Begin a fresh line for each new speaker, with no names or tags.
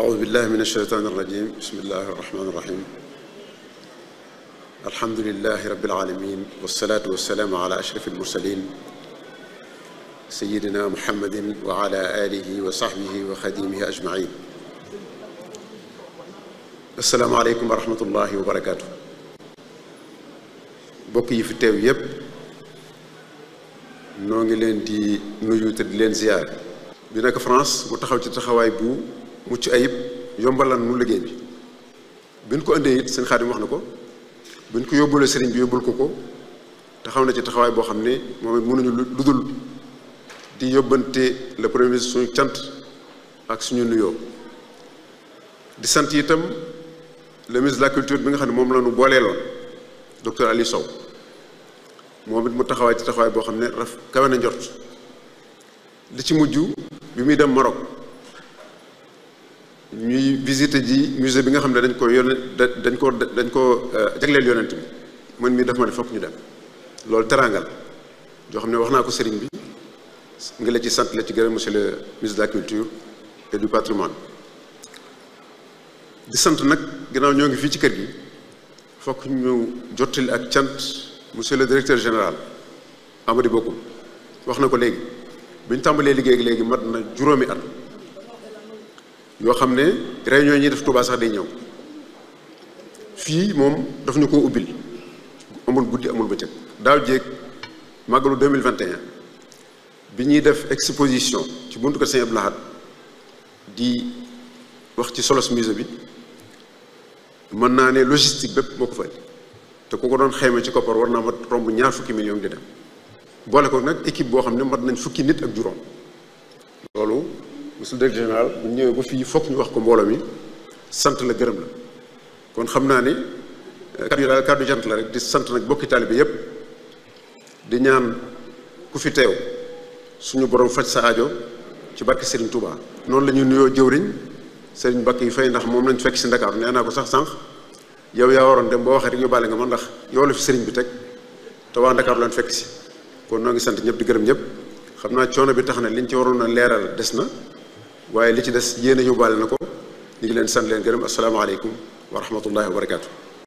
أعوذ بالله من الشيطان الرجيم بسم الله الرحمن الرحيم الحمد لله رب العالمين والصلاة والسلام على أشرف المرسلين سيدنا محمد وعلى آله وصحبه وخديمه أجمعين السلام عليكم ورحمة الله وبركاته bokk yi fi teew yépp noo ngi leen di nuyu te di leen ziar bi nag France mu taxaw ci taxawaay bu mucc ayib yombalan mu liggéey bi bi ñu ko indee it seen xaadim wax na ko bi ñu ko yóbbulee sëriñ bi yóbbul ko ko te xam na ci taxawaay boo xam ne moom mënuñu lu dul di yóbbante le suñu cant ak suñu nuyoo di sant itam le ministre la culture bi nga xam ne moom la ñu booleeloon docteur Aliou Sow moom it mu taxawaay ci taxawaay boo xam ne raf kawe na njort li ci mujj bi muy dem Maroc ñuy visiter ji musée bi nga xam ne dañ ko yónne dañ ko dañ ko euh, jagleel yonent bi man mii daf ma ne fokk ñu dem loolu teraangal joo xam ne wax naa ko sëriñ bi nga la ci sant la ci gërëm monsieur le ministre de la culture et du patrimoine di sant nag ginnaaw ñoo ngi fii ci kër gi fokk ñu jottali ak cant monsieur le directeur général Amady Bokum wax na ko léegi bi ñu tàmbalee liggéey léegi mat na juróomi at yoo xam ne réunion ñi def Touba sax day ñëw fii moom daf ñu koo ubbil amul guddi amul bëccëg daaw jéeg màggalu 2021 bi ñuy def exposition ci buntu ko Sëñ Abdou Lahad di wax ci solos musée bi mën naa ne logistique bépp moo ko fay te ku ko doon xayma ci koppar war naa mat romb ñaar fukki million di dem boole ko nag équipe boo xam ne mat nañ fukki nit ak juróom monsieur le directeur général bu ñëwee ba fii foog ñu wax ko mbooloo mi sant la gërëm la kon xam naa ni euh, kàddu yi daal kàddu jant la rek di sant nag bokki taalibe yëpp di ñaan ku fi teew suñu borom faj sa ajo ci barke Serigne Touba. noonu la ñu nuyoo jëwriñ Serigne Bakk yi fey ndax moom lañ fekk si Ndakaaru nee naa ko sax sànq yow yaa waroon dem boo waxee rek yóbbaale nga ma ndax yow la fi Serigne bi teg te waa Ndakaaru lañ fekk si kon noo ngi sant ñëpp di gërëm ñëpp xam naa coono bi tax na liñ ci waroon a leeral des na. waaye li ci des yéen a yóbbaale na ko ñu ngi leen sant leen gërëm asalaamaaleykum wa rahmatullahi wa barakaatu.